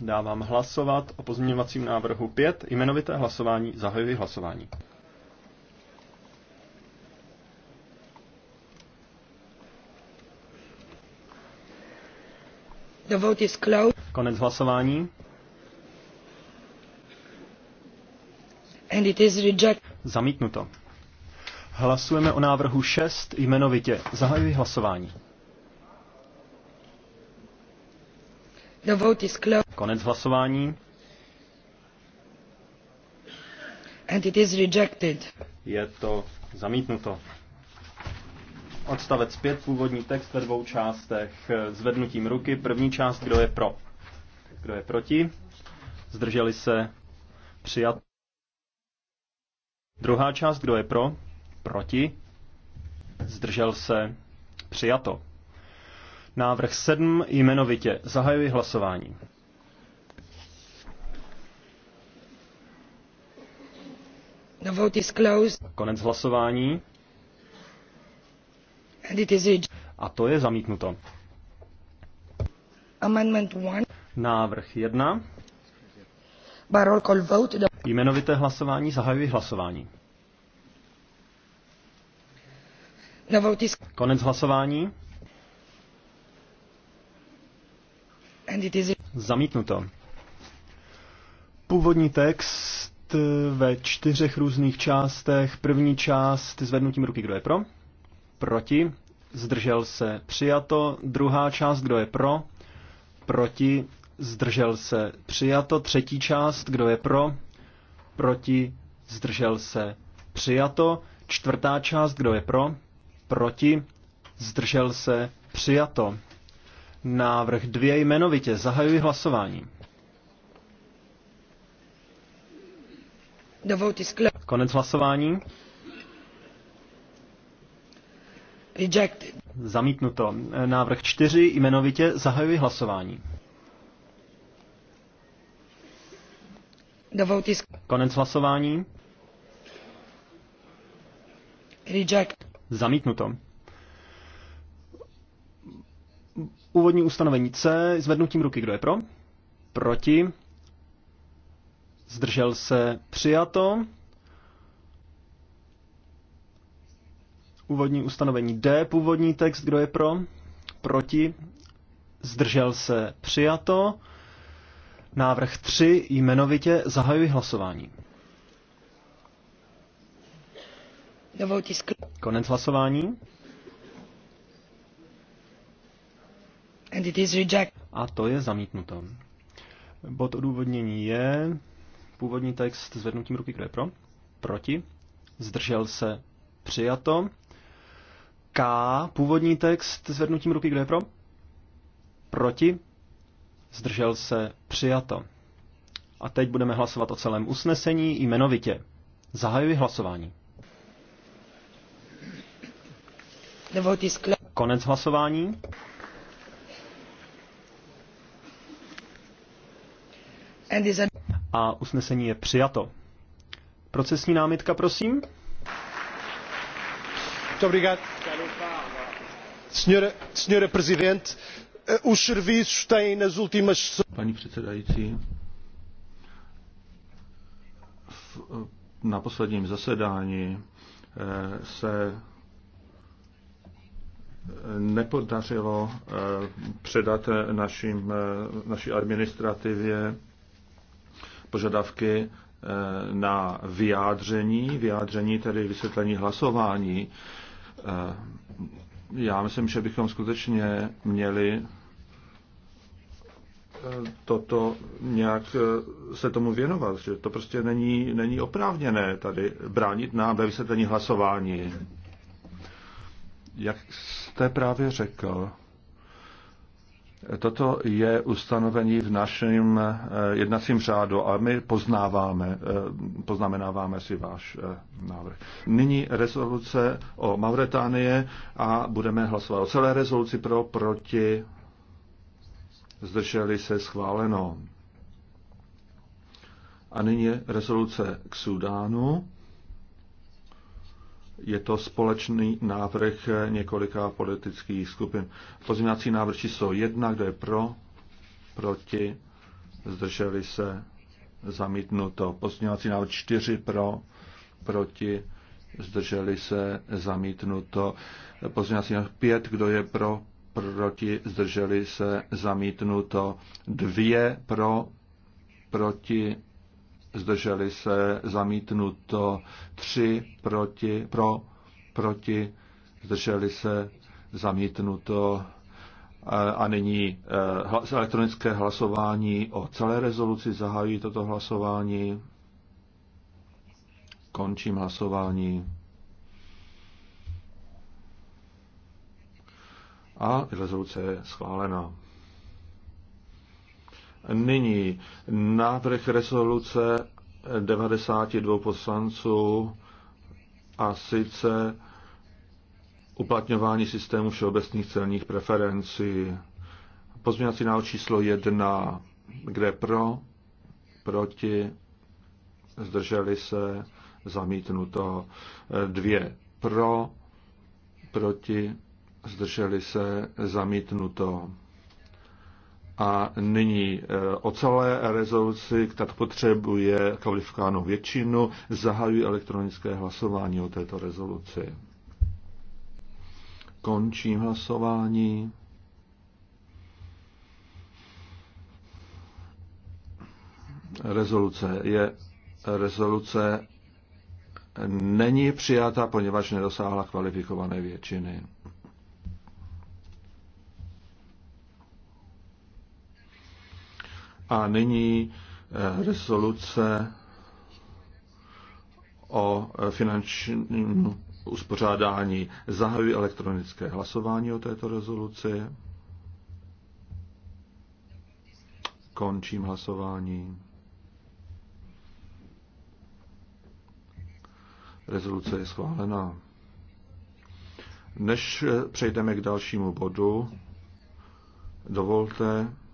Dávám hlasovat o pozměňovacím návrhu 5. Jmenovité hlasování. Zahajuji hlasování. The vote is closed. Konec hlasování. And it is reject. Zamítnuto. Hlasujeme o návrhu 6 jmenovitě. Zahajuji hlasování. The vote is closed. Konec hlasování. And it is rejected. Je to zamítnuto. Odstavec 5, původní text ve dvou částech. Zvednutím ruky. První část, kdo je pro. Kdo je proti? Zdrželi se přijat. Druhá část, kdo je pro? Proti? Zdržel se? Přijato. Návrh 7 jmenovitě. Zahajuji hlasování. The vote is closed. Konec hlasování. And it is A to je zamítnuto. Amendment one. Návrh 1. Barol call vote. The... Jmenovité hlasování zahajuji hlasování. The vote is... Konec hlasování. And it is... Zamítnuto. Původní text Eh, ve čtyřech různých částech. První část zvednutím ruky, kdo je pro? Proti. Zdržel se. Přijato. Druhá část, kdo je pro? Proti. Zdržel se. Přijato. Třetí část, kdo je pro? Proti. Zdržel se. Přijato. Čtvrtá část, kdo je pro? Proti. Zdržel se. Přijato. Návrh dvě jmenovitě. Zahajuji hlasování. The vote is closed. Konec hlasování. Rejected. Zamítnuto. Návrh 4 jmenovitě zahajuji hlasování. The vote is... Konec hlasování. Reject. Zamítnuto. Úvodní ustanovení C. Zvednutím ruky. Kdo je pro? Proti? zdržel se, přijato. Úvodní ustanovení D, původní text, kdo je pro, proti, zdržel se, přijato. Návrh 3, jmenovitě zahajuji hlasování. Konec hlasování. A to je zamítnuto. Bod odůvodnění je Původní text zvednutím ruky, kdo je pro? Proti. Zdržel se. Přijato. K. Původní text zvednutím ruky, kdo je pro? Proti. Zdržel se. Přijato. A teď budeme hlasovat o celém usnesení jmenovitě. Zahajuji hlasování. Konec hlasování a usnesení je přijato. Procesní námitka, prosím. Obrigado. Senhora, senhora Presidente, eh, os serviços últimas... Paní předsedající, eh, na posledním zasedání eh, se nepodařilo předat našim, naší administrativě požadavky eh, na vyjádření, vyjádření tedy vysvětlení hlasování. Eh, já myslím, že bychom skutečně měli eh, toto nějak se tomu věnovat, že to prostě není, není oprávněné tady bránit nám ve vysvětlení hlasování. Jak jste právě řekl, Toto je ustanovení v našem eh, jednacím řádu a my poznáváme, eh, poznamenáváme si váš eh, návrh. Nyní rezoluce o Mauretánie a budeme hlasovat o celé rezoluci pro, proti, zdrželi se schváleno. A nyní je rezoluce k Sudánu je to společný návrh několika politických skupin. Pozměňovací návrh číslo jedna, kdo je pro, proti, zdrželi se, zamítnuto. Pozměňovací návrh čtyři pro, proti, zdrželi se, zamítnuto. Pozměňovací návrh pět, kdo je pro, proti, zdrželi se, zamítnuto. Dvě pro, proti, zdrželi se, zamítnuto tři proti, pro, proti, zdrželi se, zamítnuto a nyní eh, elektronické hlasování o celé rezoluci. Zahájí toto hlasování. Končím hlasování. A rezoluce je schválena. Nyní návrh rezoluce 92 poslanců a sice uplatňování systému všeobecných celních preferencí. Pozměňovací návrh číslo 1, kde pro, proti, zdrželi se, zamítnuto. Dvě pro, proti, zdrželi se, zamítnuto. A nyní eh, o celé rezoluci, která potřebuje kvalifikovanou většinu, zahajuji elektronické hlasování o této rezoluci. Končím hlasování. Rezoluce je rezoluce není přijata, poněvadž nedosáhla kvalifikované většiny. A nyní eh, rezoluce o eh, finančním uspořádání. Zahajuji elektronické hlasování o této rezoluci. Končím hlasování. Rezoluce je schválená. Než eh, přejdeme k dalšímu bodu, dovolte,